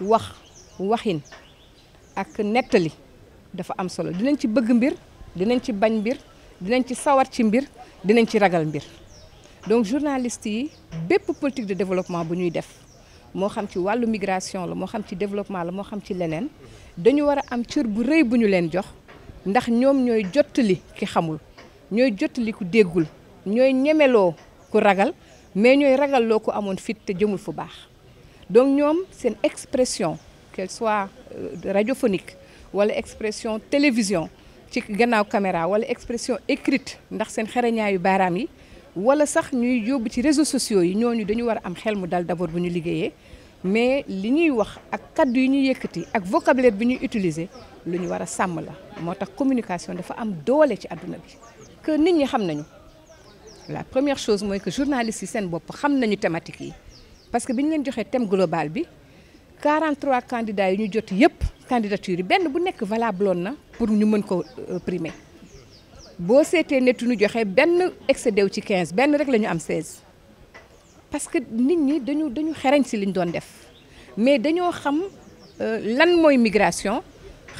wax waxin ak nettali dafa am solo dinañ ci bëgg mbir dinañ ci bañ mbir dinañ ci sawar ci mbir dinañ ci ragal mbir donc journaliste yi bépp politique de développement bu ñuy def moo xam ci wàllu migration la moo xam ci développement la moo xam ci leneen dañu war a am cër bu rëy bu ñu leen jox ndax ñoom ñooy jottali ki xamul ñooy jottali ku déggul ñooy ñemeloo ku ragal mais ñooy ragalloo ku amoon fit te jëmul fu baax donc ñoom seen expression qu'elle soit euh, radiophonique wala expression télévision ci gannaaw caméra wala expression écrite ndax seen xereñaayu baaraam yi wala sax ñuy yóbbu ci réseau sociaux yi ñooñu dañu war a am xel mu dal d'abord bu ñu liggéeyee mais li ñuy wax ak kaddu yi ñuy yëkkati ak vocabulaire bi ñuy utiliser li ñu war a sàmm la moo tax communication dafa am doole ci àdduna bi que nit ñi xam nañu la première chose mooy que journalistes yi seen bopp xam nañu thématique yi parce que bi ñu leen joxee thème global bi 43 candidats yi ñu jot yëpp candidature yi benn bu nekk valable woon na pour ñu mën ko euh, primer boo seetee nettu ñu joxe benn excédé ci quinze benn rek la ñu am 16 parce que nit ñi dañu dañu xereñ si liñ doon def mais dañoo xam euh, lan mooy migration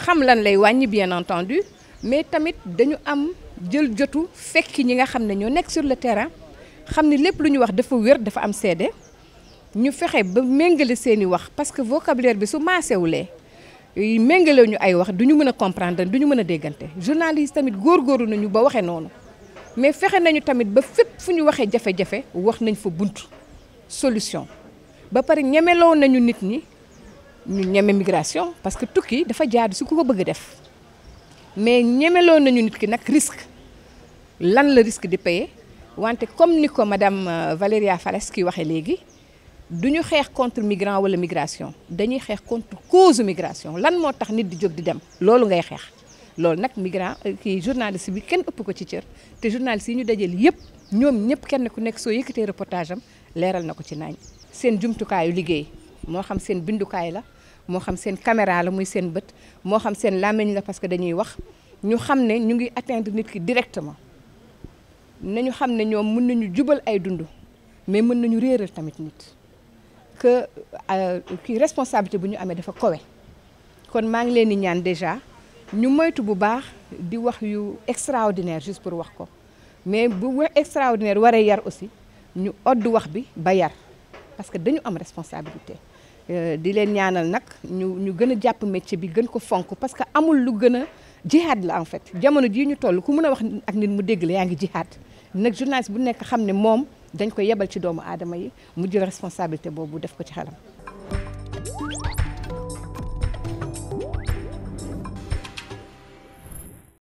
xam lan lay wàññi bien entendu mais tamit dañu am jël jotu fekki ñi nga xam ne ñoo nekk sur le terrain xam ni lépp lu ñu wax dafa wér dafa am seede ñu fexe ba méngale seeni wax parce que vocabulaire bi su maasewulee méngale ñu ay wax du ñu mën a comprendre du ñu mën a déggante journaliste tamit góorgóorlu nañu ba waxee noonu mais fexe nañu tamit ba fépp fu ñu waxee jafe-jafe wax nañu fa bunt solution ba pare ñemeloo nañu nit ñi ñu ñeme migration parce que tukki dafa jaar si ku ko bëgg def mais ñemeloo nañu nit ki nag risque lan la risque di paye wante comme ni ko madame euh, Valéria Fares ki waxee léegi du ñu xeex contre migrant wala migration dañuy xeex contre cause migration lan moo tax nit di jóg di dem loolu ngay xeex loolu nag migrant euh, kii journaliste bi kenn ëpp ko ci cër te journaliste yi ñu dajal yëpp ñoom ñëpp kenn ku nekk soo yëkkatee reportage am leeral na ko ci naañ seen jumtukaayu liggéey moo xam seen bindukaay la moo xam seen caméra la muy seen bët moo xam seen làmmiñ la parce que dañuy wax ñu xam ne ñu ngi atteindre nit ki directement nañu xam ne ñoom mën nañu jubal ay dund mais mën nañu réeral tamit nit que euh, kii responsabilité bu ñu amee dafa kowe kon maa ngi leen di ñaan déjà ñu moytu bu baax di wax yu extraordinaire juste pour wax ko mais bu wax extraordinaire waree yar aussi ñu odd wax bi ba yar parce que dañu am responsabilité euh, di leen ñaanal nag ñu ñu gën a jàpp métier bi gën ko fonk parce que amul lu gën a jihaad la en fait jamono jii ñu toll ku mën a wax ak nit mu dégg la yaa ngi jihaad nag journaliste bu nekk xam ne moom dañ koy yebal ci doomu aadama yi mu jël responsabilité boobu def ko ci xelam.